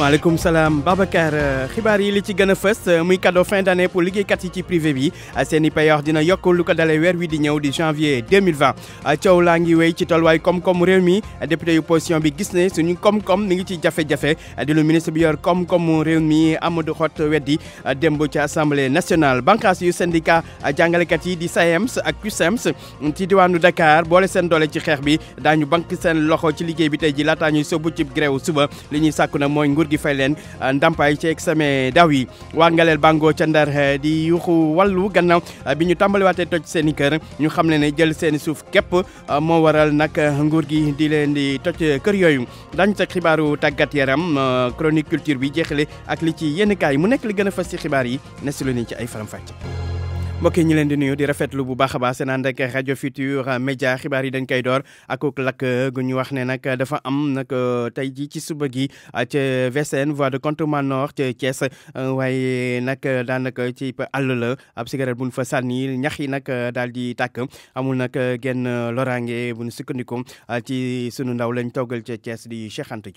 maaleykum salaam Babacar euh, xibaar yi li ci gën a euh, muy cadeau fin d'année pour liggéeykat yi ci privé bi euh, seen i yoko dina yokk lu ko dalee wi di ñëw di janvier 2020 coow laa ngi wéy ci tolluwaay kom-kom réew mi député yu position bi gis ne suñu kom-kom mi ngi ci jafe-jafe di lu ministre bi yor kom-kom réew mi Amadou Hott weddi démb ci assemblée nationale bànqaas yu syndicat jàngalekat yi di SAEMS e ak CUSEMS e ci diwaanu Dakar boole seen doole ci xeex bi daañu bank seen loxo ci liggéey bi tey ji laataa ñuy sóobu ci grève suba li ñuy sàkku na mooy gi fay leen ndàmpaay ci examen daw yi waa ngaleel bango ca ndar eh, di yuuxu wàllu gannaaw eh, bi ñu tàmbaliwaatee toj seen i kër ñu xam ne ne jël seeni suuf képp eh, moo waral nag nguur gi di leen di toj kër yooyu dañ sa xibaaru tàggat yaram chronique culture bi jeexale ak li ci yenn kaay mu nekk li gën a fas ci xibaar yi ne su ni ci ay faram mbokk yi ñu leen di nuyu di rafetlu bu baax a baax seen ànd ak rajo Futurs Médias xibaar yi dañ koy door ak lakk gu ñu wax ne nag dafa am nag euh, tey jii ci suba gi euh, ca VCN voie de contournement nord ca Thiès euh, waaye nag daanaka ci àll la ab cigarette bu fa sànni ñax yi nag daal di tàkk amul nag genn loraange bu ñu sukkandiku ci sunu ndaw lañ toggal ca Thiès di Cheikh Anta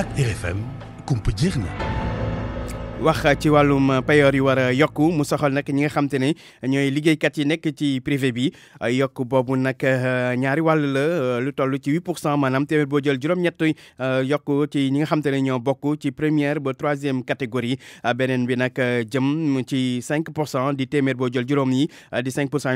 ak RFM kumpa jeex na. wax ci wàllum payoor yi war a yokk mu soxal nag ñi nga xam ne ñooy liggéeykat yi nekk ci privé bi yokk boobu nag euh, ñaari wàll la euh, lu toll ci 8 maanaam téeméer boo jël juróom euh, yokk ci ñi nga xam ne ñoo bokk ci première ba troisième catégorie beneen bi nag jëm ci 5 pour cent di téeméer boo jël juróom yi di 5 pour cent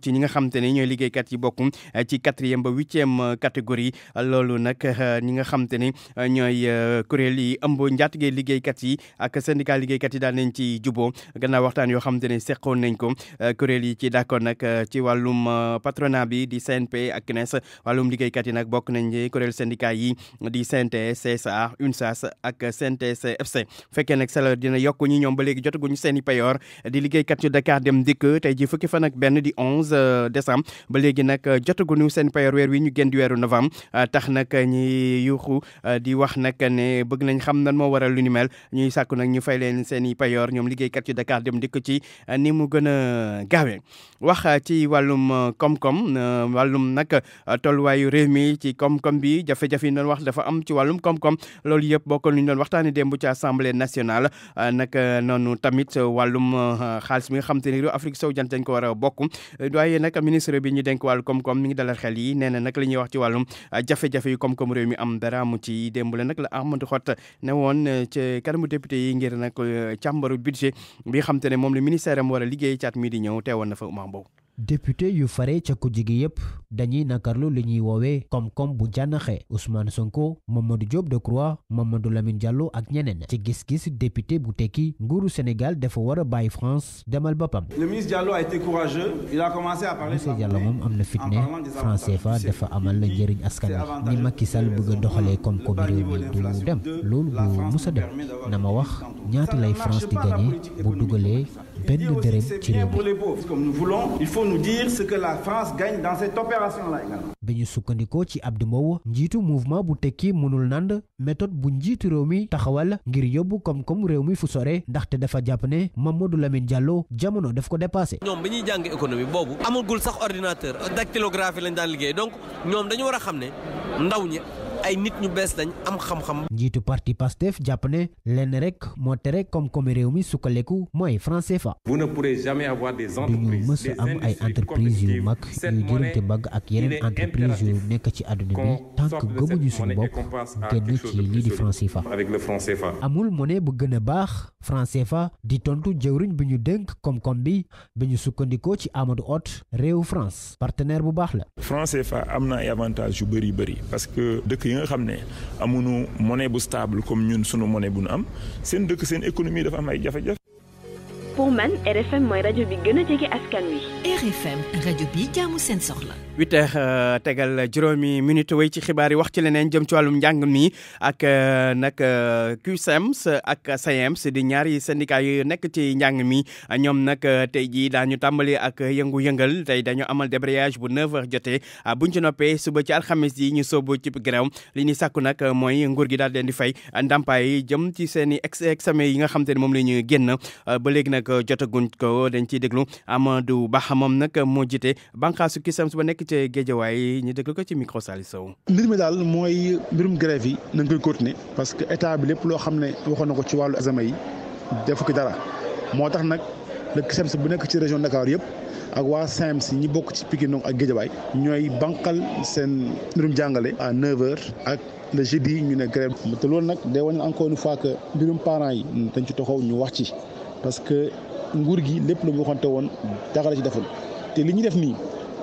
ci ñi nga xam te ne yi bokk ci quatrième ba huitième catégorie loolu nag ñi nga xam te ne ñooy kuréel yi ëmb njaatige liggéeykat yi ak seen syndicat liggéeykat yi daal nañ ci juboo gannaaw waxtaan yoo xamante ne seqoon nañ ko euh, kuréel yi ci d'accord nag euh, ci wàllum euh, patronat bi di CNP ak CNES liggéey liggéeykat yi nag bokk nañ ci di syndicat yi di sa CSA UNSAS ak s FC fekkee nag salaire dina yokk ñi ñoom ba léegi jotaguñu seen i payoor di liggéey liggéeykat yu Dakar dem dikk tey ji fukki fan ak benn di 11 décembre ba léegi nag jotaguñu seen payoor weer wi ñu génn di weeru novembre tax nag ñi yuuxu di wax nag ne bëgg nañ xam nan moo waral lu fay leen seen i payoor ñoom liggéeykat yi Dakar dem dikk ci eh, ni mu gën a gaawee wax eh, ci wàllum eh, koom-koom wàllum nag tolluwaayu réew mi ci koom-koom bi jafe-jafe yi doon wax dafa am ci wàllum koom-koom loolu yëpp bokkoon lu ñu doon waxtaanee démb ci assemblée nationale nag noonu tamit wàllum xaalis mi nga xam te ne réew Afrique sow jant dañ ko war a bokk waaye nag ministre bi ñu denk wàllu koom mi ngi dalal xel yi nee na nag wax ci wàllum jafe-jafe yu koom mi am dara mu ci démb la la Amadou Hott ne woon ci kanamu député yi ngir rawatina nag euh, càmbaru budget bi nga xam te ne moom la ministère am war a liggéey caat mii di ñëw teewoon na fa Oumar Mbow député yu faré ca ku jigi yépp dañuy nakarlu li ñuy woowee koom-koom bu jànnaxe ousmane sonko mamadou diop de croix mamadou lamine diallo ak ñeneen ci gis-gis député bu tekki nguuru sénégal dafa war a bàyyi france demal boppam le ministre diallo a été courageux il a commencé à parler monsieur diallo moom am na fit ne CFA dafa amal la njëriñ askan ni Macky Sall bëgg a doxalee koom réew mi du dem loolu bu musa dem na ma wax ñaata lay france di gagné bu dugalee benn dërëm ci réew mi nous dire ce que la France gagne dans cette opération-là également. ba ñu ci Abdou Mbow mouvement bu tekki nand méthode bu njiitu réew mi taxawal ngir yóbbu Foussore, koom réew fu sore ndaxte dafa ne Mamadou Lamine Diallo jamono daf ko dépassé. ñoom bi ñuy économie boobu amagul sax ordinateur dactylographie lañ daan donc nous dañu war a ndaw ñi ay nit ñu bees lañ am xam-xam. njiitu parti Pastef japp ne lenn rek moo tere comme comme réew mi sukkaleku mooy franc fa vous ne pourrez jamais avoir des entreprises des am ay entreprises yu mag yu jërënte bag ak yeneen entreprises yu nekk ci aduna bi tant que gëmuñu suñu bopp génn ci lii di franc fa amul monnaie bu gën a baax franc fa di tontu jëwriñ bi ñu dénk comme koom bi bi ñu sukkandikoo ci Amadou Hott réew France partenaire bu baax la. franc fa am na ay yu bëri bëri parce que dëkk nga xam ne amuñu monnaie bu stable comme ñun sunu monnaie bu nu am seen dëkk seen économie dafa am ay jafe-jafe. pour man RFM mooy rajo bi gën a jege askan wi. RFM rajo bi jaamu seen soxla. huit heures tegal juróomi minute wéy ci xibaar yi wax ci leneen jëm ci wàllum njàng mi ak euh, nag CUSEMS euh, e ak SAEMS e di ñaari syndicat yu nekk ci njàng mi ñoom nag euh, tey jii daañu tàmbali ak yëngu-yëngal tey dañu amal débrayage bu neuf heures jotee ah, buñ ci noppee suba ci alxames yi ñu sóobu ci grève li ñuy sàkku nag mooy ngur gi daal leen di fay ndàmpaay jëm ci seen i examen yi nga xam te ne moom la ñu génn ah, ba léegi nag jotaguñ ko dañ ciy déglu Amadou Ba moom nag moo jiite bànqaasu CUSEMS nekk ca Géejawaay ñu déglu ko ci micro Saliou Sow mbir mi daal mooy mbirum grève yi nañ koy continuer parce que état bi lépp loo xam ne waxoon na ko ci wàllu examen yi defu dara moo tax nag le CSEMS e bu nekk ci région Dakar yëpp ak waa si e ñi bokk ci Pikine ak Géejawaay ñooy banqal seen mbirum jàngale à 9h ak le jeudi ñu ne grève te loolu nag day wane encore une fois que mbirum parents yi dañ ci taxaw ñu wax ci parce que nguur gi lépp lu mu waxante woon dara ci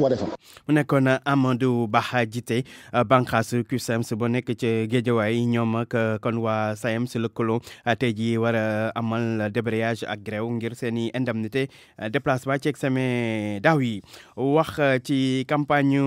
wareefam. mu nekkoon Amadou Baxa jite bànqaasu CUSEMS ba uh, nekk ci géejawaay ñoom ak uh, kon waa SAEMS e lëkkaloo uh, tey jii war a amal débrayage ak grève ngir seen i indemnité déplacement ci examen daaw yi wax ci campagne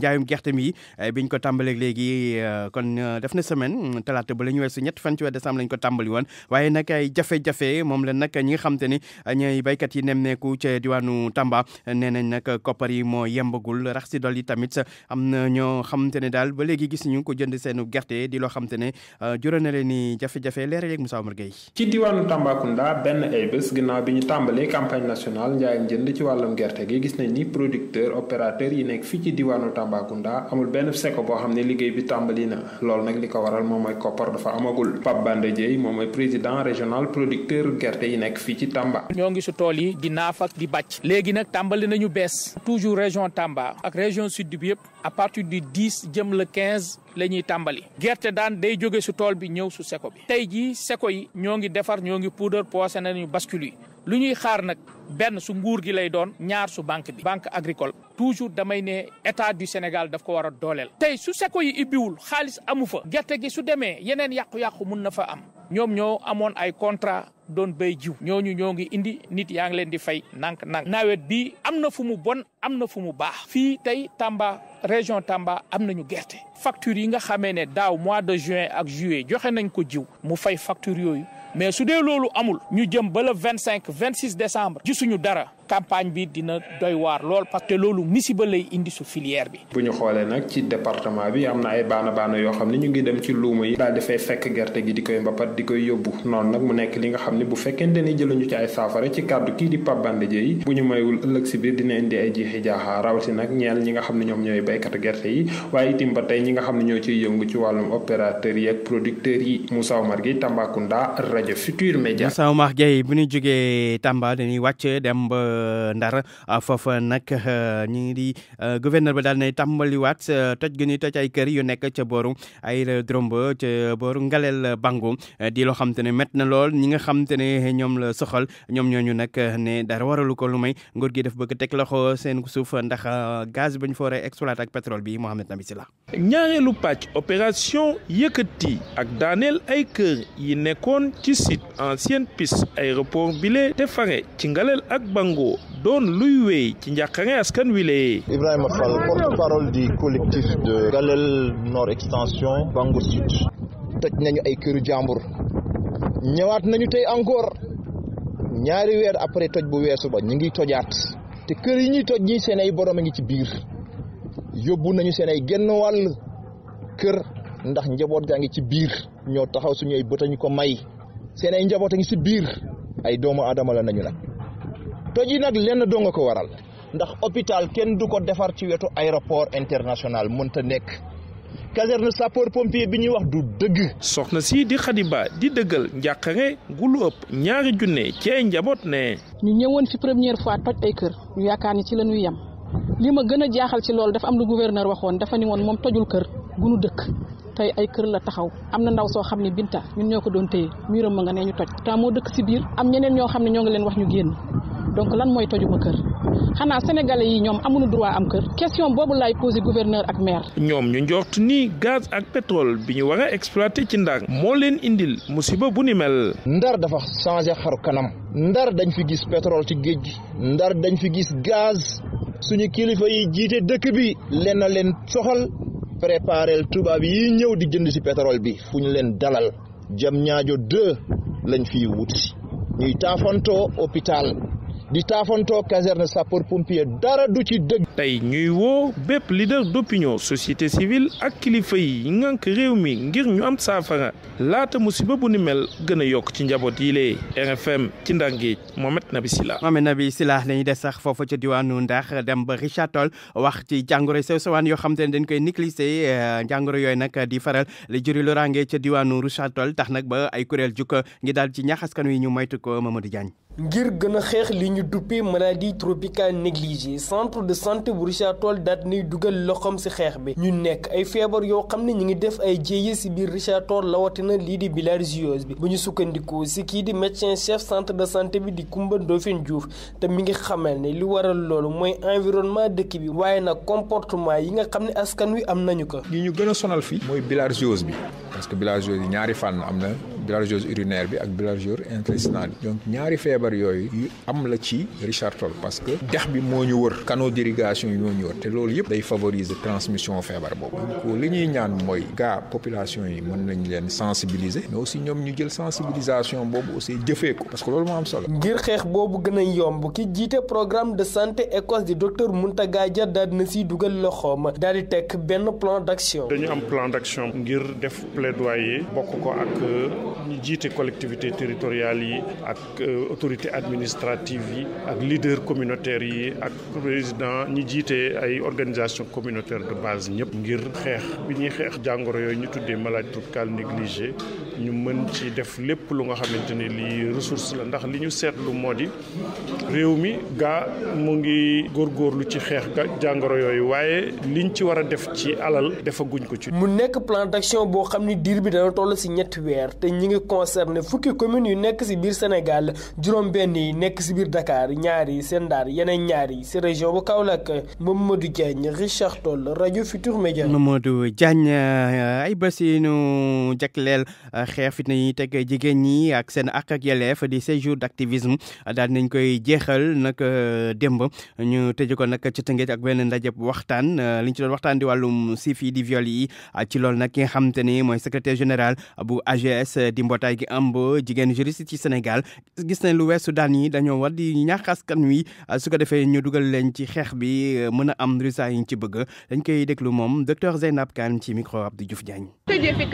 njaayum gerte mi biñ ko tàmbalee léegi kon def na semaine talaata ba la ñu weesu ñett fan ci weeru décembre lañ ko tàmbali woon waaye nag ay jafe-jafe moom la nag ñi nga xam ni ñooy béykat yi nemmeeku ca diwaanu Tamba nee nañ nag. koppar Mo moo yembagul rax si yi tamit am na ñoo xamante ne daal ba léegi gis ñu ko jënd seenu gerte di loo xamante ne euh, jural na leen ni jafe-jafe leeral yeeg Moussa Omar Gueye ci diwaanu Tambacounda benn ay bés ginnaaw bi ñu tàmbalee campagne nationale njaayam jënd ci wàllum gerte gi gis nañ ni producteur opérateur yi nekk fii ci diwaanu Tambacounda amul benn seko boo xam ne liggéey bi tàmbali na loolu nag li ko waral moom mooy koppar dafa amagul Pape Bande Dieye moom mooy président régional producteur gerte yi nekk fii ci Tamba ñoo ngi su tool yi di naaf ak di bàcc léegi nag tàmbali nañu bees toujours région Tamba ak région sud bi yëpp à partir du 10 jëm le 15 la ñuy tàmbali gerte daan day jóge su tool bi ñëw su seko bi tey jii seko yi ñoo ngi defar ñoo ngi puudar poosé nañu bascule yi lu ñuy xaar nag benn su nguur gi lay doon ñaar su banque bi banque agricole toujours damay ne état du Sénégal daf ko war a dooleel tey su seko yi ibbiwul xaalis amu fa gerte gi su demee yeneen yàqu-yàqu mun na fa am ñoom ñoo amoon ay contrat doon bay jiw ñooñu ñoo ngi indi nit yaa ngi leen di fay nank nank nawet bi am na fu mu bon am na fu mu baax fii tey Tamba région Tamba am nañu gerte facture yi nga xamee ne daaw mois de juin ak juillet joxe nañ ko jiw mu fay facture yooyu mais su dee loolu amul ñu jëm ba vingt cinq vingt six décembre gisuñu dara campagne bi dina doy waar lool parce que loolu musiba lay indi su filière bi. bu ñu xoolee nag ci département bi am na ay baana baana yoo xam ne ñu ngi dem ci luuma yi. daal di fay fekk gerte gi di koy mbapat di koy yóbbu noonu nag mu nekk li nga xam ne bu fekkente ni jëluñu ci ay saafara ci kàddu kii di Pape Bande Dièye bu ñu mayul ëllëg si biir dina indi ay jiixi jaaxa rawati nag ñeel ñi nga xam ne ñoom ñooy béykatu gerte yi waaye itim ba tey ñi nga xam ne ñoo ciy yëngu ci wàllum opérateurs yi ak producteurs yi Moussa mar gi Tambacounda rajo Futur Média. Moussa Omar Gueye bu ñu jógee Tamba dañuy dem ba Eh, Ndar ah, foofa nag eh, ñu ngi di eh, gouverneur ba daal nay tàmbaliwaat toj gi ñuy toj ay kër yu nekk ca booru aérodrome ba ca booru Ngalel Bango di loo xam te ne met na lool ñi nga xam te ne ñoom la soxal ñoom ñooñu nag ne dara waralu ko lu may nguur gi def bëgg teg loxo seen suuf ndax gaz bañ foore exploité ak pétrole bi Mohamed Nabi Silla ñaareelu pàcc opération yëkkati ak daaneel ay kër yi nekkoon ci site ancienne piste aéroport bile te fare ci Ngalel ak Bango Don doon luy wey ci njàqare askan wi lee Ibrahima Fall porte-parole du collectif de Galel Nord Extension Bango Sud tej nañu ay këru jambour ñëwaat nañu tay encore ñaari weer après toj bu wésu ba ñi ngi tojaat te kër yi ñi toj ñi seen ay borom ngi ci biir yobbu nañu seen ay genn wal kër ndax njabot gaangi ci biir ño taxaw suñu ay bët ko may seen ay njabot ngi ci biir ay doomu aadama la nañu nak toj nak len do nga ko waral ndax hôpital ken du ko defar ci wetu aéroport international mënta nek caserne sapeur pompier biñu wax du deug soxna si di khadiba di deugal gulup gu lu upp ñaari junne ci ay njaboot ne ñu ñëwoon ci première fois toj ay kër ñu yakani ci lañu yam lima gëna jaaxal ci lool dafa am lu gouverneur dafa ni won mom tojul kër gunu dekk tay ay kër la taxaw amna ndaw so xamni binta ñun ñoko don doon téye nga neñu toj ta mo dekk ci bir am ñeneen ño xamni ño nga leen wax ñu genn donc lan mooy tojuma kër xanaa sénégalais yi ñoom amuñu droit am kër question boobu laay posé gouverneur ak maire. ñoom ñu njort ni gaz ak pétrole bi ñu war ci ndar moo leen indil musiba bu ni mel. ndar dafa changé xaru kanam ndar dañ fi gis pétrole ci géej ndar dañ fi gis gaz suñu kilifa yi jiite dëkk bi leen na leen soxal préparel tubaab yi ñëw di jënd si pétrole bi fu leen dalal jam ñaajo deux lañ fiy wut ñuy taafantoo hôpital di taafantoo caserne sapeur pompier dara du ci dëgg. tey ñuy woo bépp leader d'opinion société civile ak kilifa yi ngànk réew mi ngir ñu am saafara laata musiba bu ni mel gën a ci njaboot yi lee RFM ci Ndangeej Mohamed Nabi Sila. Mohamed Nabi Sila lañuy des sax foofu ca diwaanu Ndax dem ba Richard Toll wax ci jàngoro sew dañ koy euh, di faral li juri Richard Toll tax ba ay ngi ci wi ñu ko Mamadou Diagne. ngir gën a xeex li ñu duppee maladie tropicale négligée centre de santé bu Richard Toll daat nay dugal loxoom ci xeex bi ñu nekk ay feebar yoo xam ne ñu ngi def ay jéeye ci biir Richard Toll lawatina lii di bilharziose bi bu ñu sukkandikoo ci kii di médecin chef centre de santé bi di Koumba Ndofène Diouf te mi ngi xamal ne li waral loolu mooy environnement dëkk bi waaye nag comportement yi nga xam ne askan wi am nañu ko. li ñu gën a sonal fii. mooy bilharziose bi parce que ñaari fànn am na bilharziose urinaire bi ak bilharziose intestinale bi donc ñaari feebar yooyu yu am la ci Richard Toll parce que dex bi moo ñu wër canaux d'irrigation yi ñoo ñu wër te loolu yëpp day favoriser transmission feebar boobu donc li ñuy ñaan mooy gaa population yi mën nañ leen sensibiliser mais aussi ñoom ñu jël sensibilisation boobu aussi jëfee ko parce que loolu moo am solo. ngir xeex boobu gën a yomb ki jiite programme de santé Écosse di docteur muntaga Dia daal na siy dugal loxoom daal di teg benn plan d'action. dañu am plan d'action ngir def plaidoyer bokk ko ak ñu jiite collectivités territoriales yi ak euh, autorité administrative yi ak leader communautaire yi ak président ñi jité ay organisation communautaire de base ñëpp ngir xeex bi ñuy xeex jangoro yoy ñu tuddee maladie tropicale négligée ñu mën ci def lépp lu nga xamante ne lii ressource la ndax li ñu sétlu modi di réew mi gaa mu ngi lu ci xeex ga jangoro yoy waye liñ ci wara def ci alal dafa guñ ko ci. mu nekk plan d'action bo xam dir bi dana toll ci ñett weer te ñi ngi concerné fukki commune yu nekk ci biir Sénégal juróom-benn nekk si biir Dakar ñaari yi seen Ndar yeneen ñaar yi si région bu Kaolack Mamadou Diagne Richard Toll rajo Futur Média. Mamadou Diagne ay bés yi ñu jagleel euh, xeex fitna yi jigéen ñi ak seen ak ak yelleef di séjour d' activisme daal nañ koy jeexal nag euh, démb ñu tëjee ko nag ci tëngeej ak benn ndaje waxtaan euh, li ñu ci doon waxtaan di wàllum siif yi di viol yi ci loolu nag ki nga xamante ni mooy secrétaire général bu AGS di mbootaay gi ëmb jigéen juriste ci Sénégal gis nañ lu weesu daan yi dañoo war di ñaax askan wi su ko defee ñu dugal leen ci xeex bi mën a am résultat yi ñu ci bëgg dañ koy déglu moom docteur Zeynab Kane ci micro di fi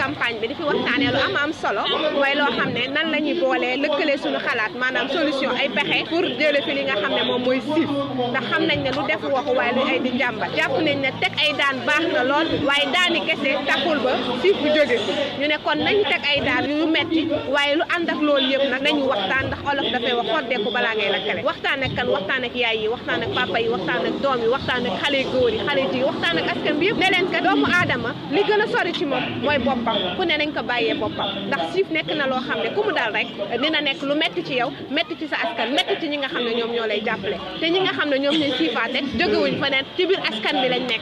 waxtaanee lu am am solo mooy loo xam ne nan la ñuy boolee suñu xalaat maanaam solution ay pexe pour jëlee fi li nga xam ne moom mooy siif ndax xam nañ lu def waxu waaye lu ay di jàmbat jàpp nañ ne teg ay daan baax na lool waaye daani kese taxul ba siif bu jóge ñu ne kon nañ koy wax xoddeeku balaa ngay lakkale waxtaan ak kan waxtaan ak yaay yi waxtaan ak papa yi waxtaan ak doom yi waxtaan ak xale góor yi xale ji waxtaan ak askan bi yëpp ne leen a na loo xam ne ku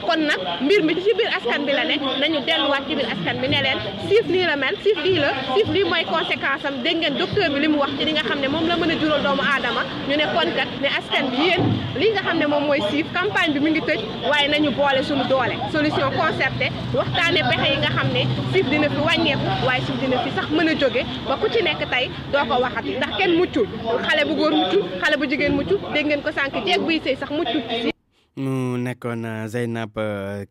kon nag mbir mi ci biir askan bi la nekk nañu delluwaat ci biir askan bi ne leen siif nii la mel siif lii la siif lii mooy conséquence am dégg ngeen bi li mu wax ci li nga xam ne moom la mën mën a jural doomu aadama ñu ne kon kat ne askan bi yéen lii nga xam ne moom mooy siif campagne bi mu ngi tëj waaye nañu boole suñu doolee solution concertée waxtaane pexe yi nga xam ne siif dina fi wàññeeku waaye siif dina fi sax mën a jóge ba ku ci nekk tey doo ko waxati ndax kenn muccul xale bu góor muccul xale bu jigéen muccul dégg ngeen ko sànq jeeg buy sëy sax muccul mu euh, Zainab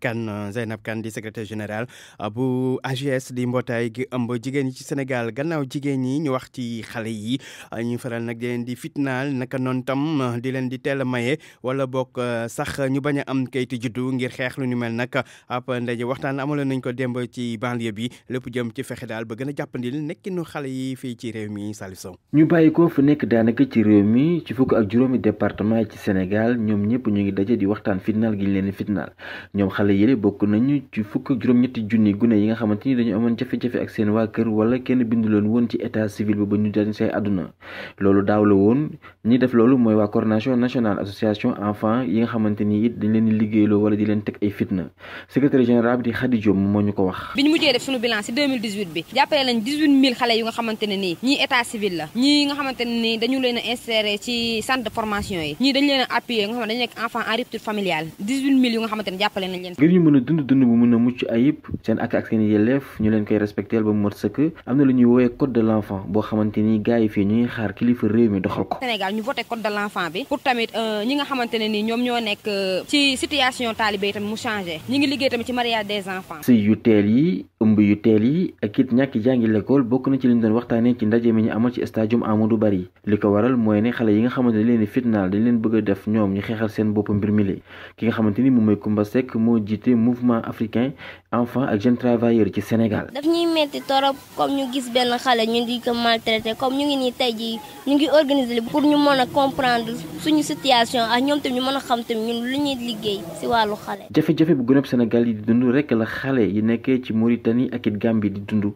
Kan Zainab Zeynab Kane di secrétaire général bu AGS di mbootaay gi ëmb jigéen ñi ci Sénégal gannaaw jigéen ñi ñu wax ci xale yi ñu faral di di fitnaal naka non tam di leen di teel a maye wala bokk sax ñu bañ a am kayitu juddu ngir xeex lu ñu mel nag ab ndaje waxtaan amaloon nañ ko démb ci banlieue bi lépp jëm ci fexe daal ba gën a jàppandil nekkinu xale yi fii ci réew mi Salif ñu ko fu nekk daanaka ci réew mi ci fukk ak juróomi département ci Sénégal ñoom ñëpp ñu ngi di wax waxtaan fitnal gi leen fitnal ñom xalé xale bokku nañu ci fukk juroom ñetti junni gune yi nga xamanteni dañu amon jafé jafé ak seen waa kër wala kenn binduloon woon ci état civil bu ba ñu daan say aduna lolu daaw la woon ñi def lolu moy wa coordination nationale association enfant yi nga xamanteni yi dañ leen di wala di leen tek ay fitna secrétaire général bi di Khady Diop moo ñu ko wax bi mujjé def suñu bilan ci 2018 bi jappalé lañ 18000 xalé xale yu nga xamanteni ni ñi état civil la ñi nga xamanteni ni dañu leen a insérer ci centre de formation yi ñi dañ leen appuyer nga xamanteni dañ nek enfant en rupture agriculture familiale 18 mille yu nga xamante jàppale nañ leen ngir ñu mën a dund dund bu mën a mucc ayib seen ak ak seen yelleef ñu leen koy respecteel ba mu mat sëkk am na lu ñuy code de l' boo xamante ni fii ñu ngi xaar kilifa réew mi doxal ko Sénégal ñu voté code de l' bi pour tamit euh, ñi nga xamante ni ñoom ñoo nekk euh, ci situation taalibe yi mu changé ñi ngi liggéey tamit ci mariage des enfants sëy yu teel yi ëmb yu teel yi ak it ñàkki jàngi l'école bokk na ci liñ doon waxtaanee ci ndaje mi ñu amal ci stadium Amadou Barry li ko waral mooy ne xale yi nga xamante leen fitnaal dañ leen bëgg a def ñoom ñu xeexal seen bopp mbir mi li ki nga xamante ni moom mooy Kumba Seck moo jiite mouvement africain enfant ak jeunes travailleurs ci Sénégal. daf ñuy métti torop comme ñu gis benn xale ñu di ko maltraité comme ñu ngi nii tey jii ñu ngi organiser pour ñu mën a a a Mauritanie ak it Gambie di dund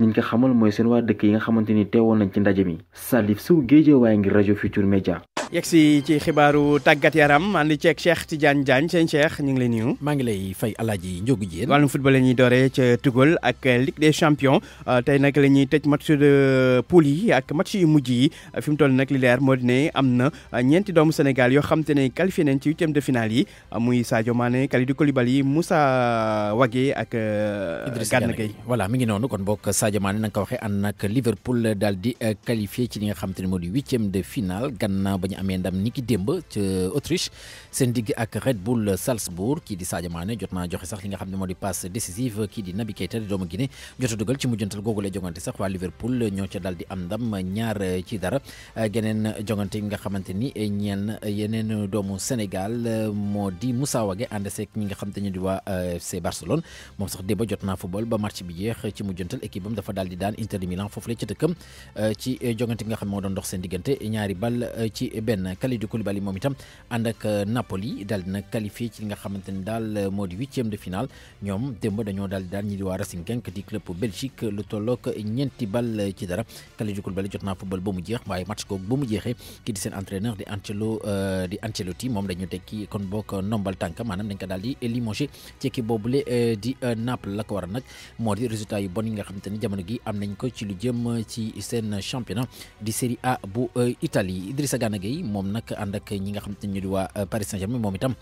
ñi ko xamal mooy seen waa dëkk yi nga xamante ni teewoon nañ ci ndaje mi su Sow Guédiawaye ngir rajo Futurs Médias yegg si ci xibaaru tàggat yaram ànd ceeg Cheikh Tidiane Diagne seen Cheikh ñu ngi lay nuyu. maa ngi lay fay alaaji njógu jeen. wàllum football la ñuy dooree ca Tugal ak Ligue des champions euh, tey nag la ñuy tëj match de poule yi ak match yu mujj yi fi mu toll nag li leer moo di ne am na ñeenti doomu Sénégal yoo xam ne qualifié nañ ci huitième de finale yi muy Sadio Mané kolibal yi Moussa Wagué ak. Euh, Idriss Gana Gueye voilà mi ngi noonu kon mbok Sadio Mané na nga ko waxee ànd nag Liverpool dal di euh, qualifié ci li nga xam te ne moo di ñu amee ndam niki démb ca Autriche seen digg ak Red Bull Salzbourg kii di Sadio Mané jot naa joxe sax li nga xam ne moo di passe décisive kii di Naby Keita di doomu Guinée jot a dugal ci mujjantal googu la jongante sax waa Liverpool ñoo ca daal di nga xamante ni ñeen yeneen doomu Sénégal moo di Moussa Wagué ànd seeg ñi nga xam te ñu di waa FC Barcelone moom sax démb jot naa football ba match bi jeex ci mujjantal équipe am dafa daal di daan Inter Milan foofu la ca dëkkam ci jongante nga xam moo doon dox seen diggante ñaari bal ci benn Kalidou Koulibaly moom itam ànd ak euh, Napoli daal dina qualifié ci nga xamante ni daal euh, moo di huitième de finale ñoom démb dañoo daal di daal ñi di waa Racing Genk di club Belgique lu tollook ñeenti bal euh, ci dara Kalidou Koulibaly jot naa football ba mu jeex waaye match googu ba mu jeexee kii di seen entraîneur di Ancelo di Ancelotti moom dañu tekki kon bokk nombal tànka maanaam dañ ko daal di limogé ci équipe boobule di Naples la ko waral nag moo di yi nga xamante ni jamono gi am nañ lu jëm ci seen championnat di Serie A bu Italie Idrissa Gana Gueye moom nag ànd ak ñi nga xam te ne ñu di waa euh, Paris Saint-Germain moom itam.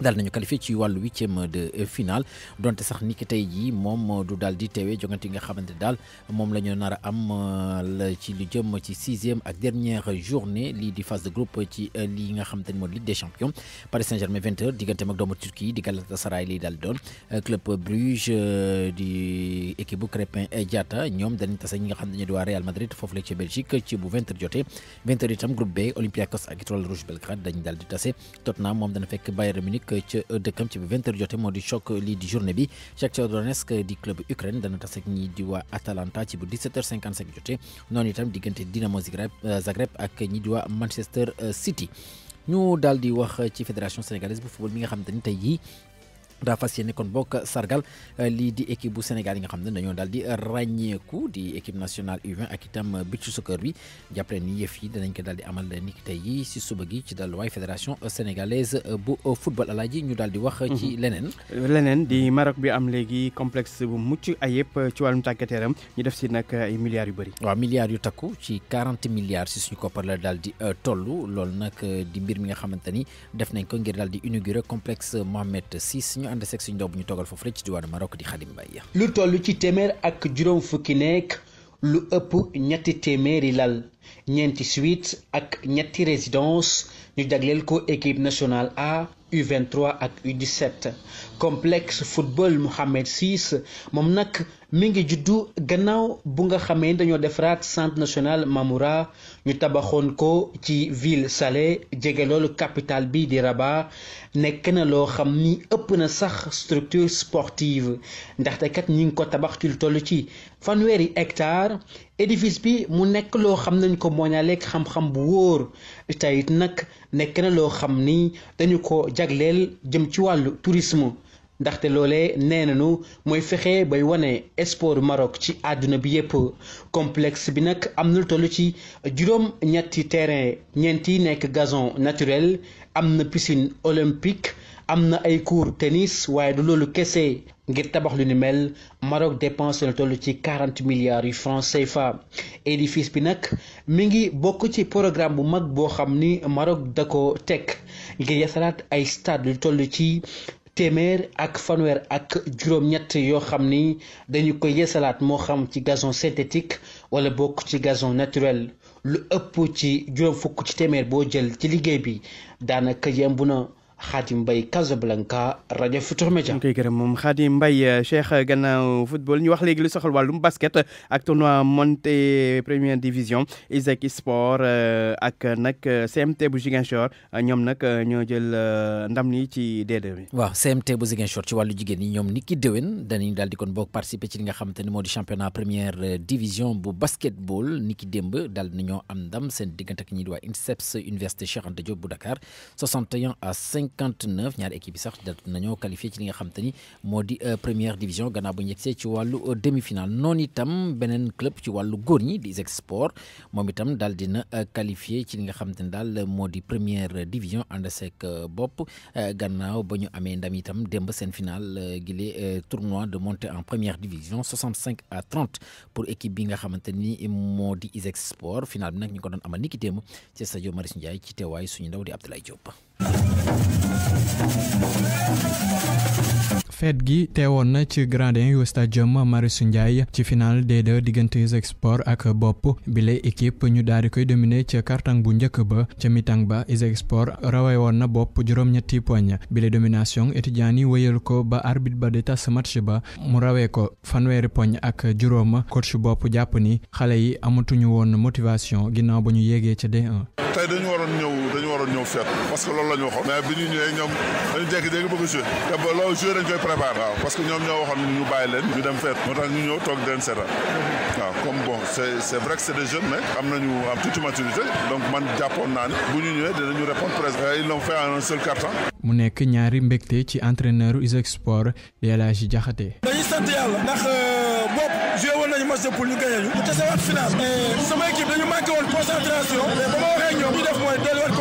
dal nañu qualifié ci wàllu huitième de finale donte sax niki tay ji mom moom du daal di teewee jongante nga xamanté dal mom lañu nara am euh, ci lu jëm ci 6e ak dernière journée li di phase de groupe ci euh, li nga xamanté ni Ligue des champions Paris Saint-Germain 20h digganteem mak doomu Turquie di Galatasaray li dal di euh, club Bruges di équipe bu Crépin et ñoom ñom dañ tassé nga xamanté ne di waa Real Madrid fofu la ci Belgique ci bu 20h jotee 20h itam groupe B Olympiakos ak Étoile Rouge Belgrade dañ dal di tassé Tottenham mom dañ fekk Bayern Munich. nekk ca euh, dëkkam ci bu 20h jotee moo di choc lii di journée bi Shakhtar Donetsk di club Ukraine dana tase ñi di waa Atalanta ci bu 17h55 jotee noonu diggante Dinamo euh, Zagreb ak ñi di waa Manchester euh, City. ñu daal di wax ci fédération sénégalaise bu football mi nga xam tey jii da fas yéene kon bokk sargal euh, lii di équipe bu Sénégal yi nga xam ne dañoo daal di ràññeeku di équipe nationale U20 ak itam bitu soccer bi jàppale ni yëf yi danañ ko daal di amal ni ki tey yi si suba gi ci dalluwaay fédération sénégalaise bu football alaaji ñu daal di wax. ci mhm. leneen. leneen di Maroc bi am léegi complexe bu mucc ayib ci wàllum tàggat ñu def si nag ay milliards yu bëri. waaw milliards yu takku ci 40 milliards si suñu koppar la daal di euh, toll loolu nag euh, di mbir mi nga xamante ni def nañ ko ngir daal di inaugurer complexe Mohamed VI de seeg suñu ndaw ñu togal fofu ci diwaanu Maroc di Khadim Baye lu tollu ci témèr ak juroom fukki nekk lu ëpp ñetti téeméeri lal ñenti suite ak ñetti résidence ñu jagleel ko équipe nationale A U23 ak U17 complexe football Mohamed VI mom nak mi ngi juddu gannaaw bu nga xamee dañoo defaraat centre national Mamoura ñu tabaxoon ko ci ville sale jege loolu capitale bi di Rabat nekk na loo xam ni ëpp na sax structure sportive ndaxte kat ñi ngi ko tabax ci lu toll ci fanweeri hectare édifice bi mu nekk loo xam nañ ko mooñaaleeg xam-xam bu wóor tey nag nekk na loo xam ni dañu ko jagleel jëm ci wàllu tourisme ndaxte loole nee nañu mooy fexe bay wane sport Maroc ci àdduna bi yépp complexe bi nag am na lu toll ci juróom ñetti terrain ñeenti nekk gazon naturel am na piscine olympique am na ay cours tennis waaye du loolu kese ngir tabax lu ni mel Maroc depense na toll ci quarante milliards yu francais CFA édifice bi nag mi ngi bokk ci programme bu mag boo xam ni Maroc da ko teg ngir yasalaat ay stade lu toll ci téeméer ak fanweer ak juróom-ñett yoo xam ni dañu koy yeesalaat moo xam ci gazon synthétique wala bokk ci gazon naturel lu ëpp ci juróom fukk ci téeméer boo jël ci liggéey bi daanaka yemb na. Khadim Mbaye Casablanca rajo Futur Media ñu koy gërëm moom Khadim Mbaye euh, Cheikh euh, gannaaw football ñu wax légui lu soxal wàllum basket ak tournoi montée première division Isaac sport euh, ak nak CMT bu Ziguinchor ñom nak ñoo jël ndam ni ci D2 bi. waaw CMT bu Ziguinchor ci walu jigéen ñi ñoom ni ki déwén dañuy di kon bok participer ci li nga xamanteni modi championnat première division bu basketball niki demb dal daal am ndam seen diggante ak ñi di wa INSEPS université Cheikh Anta Diop bu Dakar 61 à 5. 59 ñaar équipe sax da qualifié ci li nga xam euh, première division gannaaw bu ñexé ci walu euh, demi-finale non itam benen club ci walu góor ñi di ISEG mom itam dal dina euh, qualifié ci li nga xam première division ànd seeg bop gannaaw ba ñu amee ndam itam demb seen finale tournoi de montée en première division 65 à 30 pour équipe bi nga et modi moo final Sport finale bi nag ñu ko don amal niki démb ci Sadio Marius Ndiaye ci teway suñu ndaw di Abdoulaye Diop. feet gi teewoon na ci gradin yu stadium marisu Ndiaye ci final D2 diggante Isegsport ak bopp bile équipe ñu daal di koy dominer ca kartang bu njëkk ba ca mitang ba Isegsport rawee woon na bopp juróom-ñetti poñ bile domination étudiant yi wéyal ko ba arbitre ba di tas match ba mu rawee ko fanweeri poñ ak juróom coach bopp jàpp ni xale yi amatuñu woon motivation ginnaaw ba ñu yéegee ca d waroon ñëw parce que loolu la ñu mais bi ñu ñëwee ñoom dañu jékki-jékki bëgg a joué te ba loolu joué dañ koy préparé parce que ñoom ñoo waxoon ne ñu bàyyi leen ñu dem feet moo tax ñu ñëw toog di leen seetaan comme bon c'est c'est vrai que c'est des jeunes mais am nañu am tuuti maturité donc man jàppoon naa ne bu ñu ñëwee dinañu répondre présent ils l'ont fait en un seul carton mu nekk ñaari mbégte ci entraîneur Isaac Sport di El Hadji Diakhaté dañuy sant yàlla ndax euh, bopp joué woon nañu match pour ñu gagné ñu ñu tasewaat final sama équipe dañu manqué woon concentration mais ba ma waxee ñoom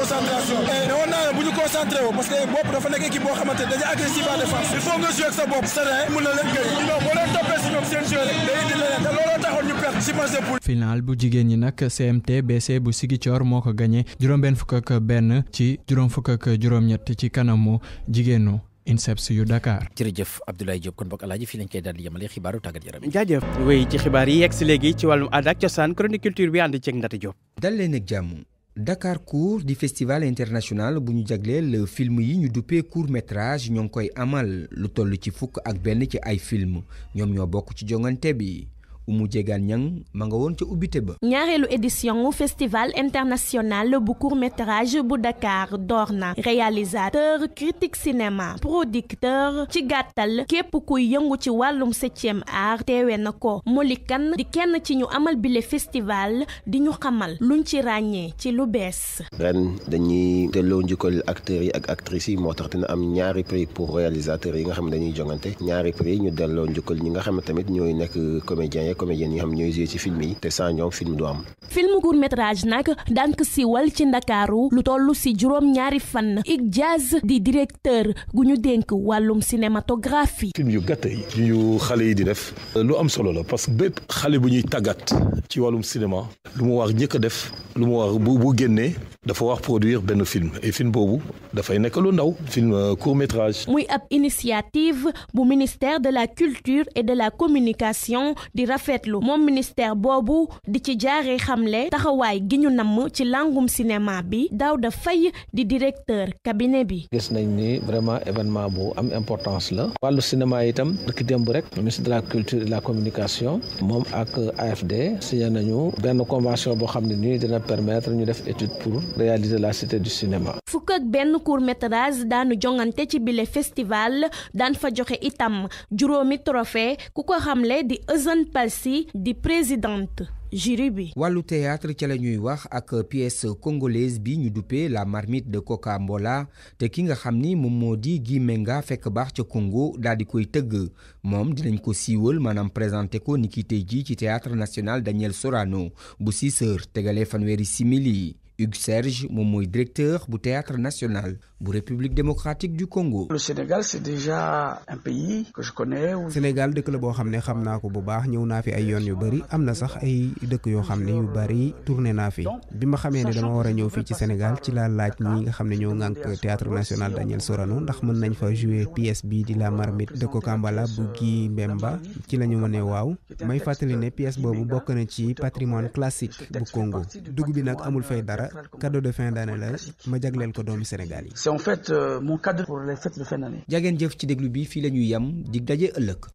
concentration et eh, woon naa bu concentré woo parce que bopp dafa nekk équipe boo xamante dañu agressif en défense il faut nga jouer ak sa bopp C'est mun na leen gën donc boo leen toppee si ñoom seen day indi leneen te looloo taxoon ñu perte si match poule final bu jigéen ñi nak CMT BC bu Sigicoor moo ko gagné juróom-benn fukk ak benn ci juróom fukk ak juróom-ñett ci kanamu jigéenu INSEPS yu Dakar. jërëjëf Abdoulaye Diop kon bokk alaaji fi lañ koy daal di yemale xibaaru tàggat yaram. jaajëf wéy ci xibaar yi yegg si léegi ci wàllum aada ak cosaan chronique culture bi ànd ceeg Ndata Diop. dal leen ak jàmm Dakar Court di festival international bu ñu jagleel film yi ñu duppee court métrage ñoo ngi koy amal lu toll ci fukk ak benn ci ay film ñoom ñoo bokk ci jongante bi Oumou Diégane mangawon ma nga woon ca ba. ñaarelu édition festival international bu court métrage bu Dakar dorna réalisateur critique cinéma producteur ci gatal képp kuy yëngu ci 7e art téwé nako molikan di kenn ci ñu amal bile festival di ñu xamal luñ ci ragné ci lu bess ren dañuy delloo njukkal acteur yi ak actrice yi moo tax dina am ñaari prix pour réalisateur yi nga xam dañuy jongante ñaari prix ñu délo njukkal ñi nga xam tamit ñoy nek comédien ay comédiens yi nga xam ñooy jouer ci film yi te sans ñoom film du am. film court métrage nag daan ko siiwal ci ndakaaru lu toll si juróom-ñaari fan ik jazz di directeur gu ñu dénk wàllum cinématographie. film yu gàtt yi yu xale yi di def. lu am solo la parce que bépp xale bu ñuy tàggat ci wàllum cinéma lu mu wax njëkk a def lu mu wax bu bu dafa wax produire benn film et film boobu dafay nekk lu ndaw film euh, court métrage. muy ab initiative bu ministère de la culture et de la communication di rafetlu rafetlu mom ministère bobu di ci jaaree xamlé taxaway giñu nam ci langum cinéma bi Daouda fay di directeur cabinet bi. gis nañ ni vraiment événement bu am importance la. walu cinéma itam rek demb rek ministre de la culture et de la communication mom ak AFD signé nañu benn convention bo xam ne dina permettre ñu def étude pour réaliser la cité du cinéma. fuk ak benn court métrage daanu jongante ci bile festival daan fa joxe itam juróomi trophée ku ko xamlé di Euzan Pals Guirassy di présidente jury bi. wàllu théâtre ca la ñuy wax ak pièce congolaise bi ñu duppee la marmite de coca mbola te ki nga xam ni moom moo di Guy Menga fekk baax ca Congo daal di koy tëgg moom dinañ ko siiwal maanaam présente ko ni ki tey jii ci théâtre national danielle Sorano bu 6 heures tegalee fanweeri simili. Hugues Serge moom mooy directeur bu théâtre national bu république démocratique du Congo. le Sénégal c'est déjà un pays que je connais. Sénégal dëkk la boo xam ne xam naa ko bu baax ñëw naa fi ay yoon yu bëri am na sax ay dëkk yoo xam ne yu tourné naa fi bi ma xamee ne dama war a ñëw fii ci Sénégal ci laa laaj ñi nga xam ne ñoo théâtre national Daniel Sorano ndax mën nañ fa jouer pièce bii di la marmite de Kokambala bu Guy Mbemba ci la waaw may fàttali ne pièce boobu bokk na ci patrimoine classique bu Congo dugub bi nag amul fay dara. cadeau de fin d'année là ma jaglel ko domi Sénégal yi. c'est en fait euh, mon cadeau pour les fêtes de fin d'année. jagen jëf ci déglu bi fi la yam dig dajé ëllëg.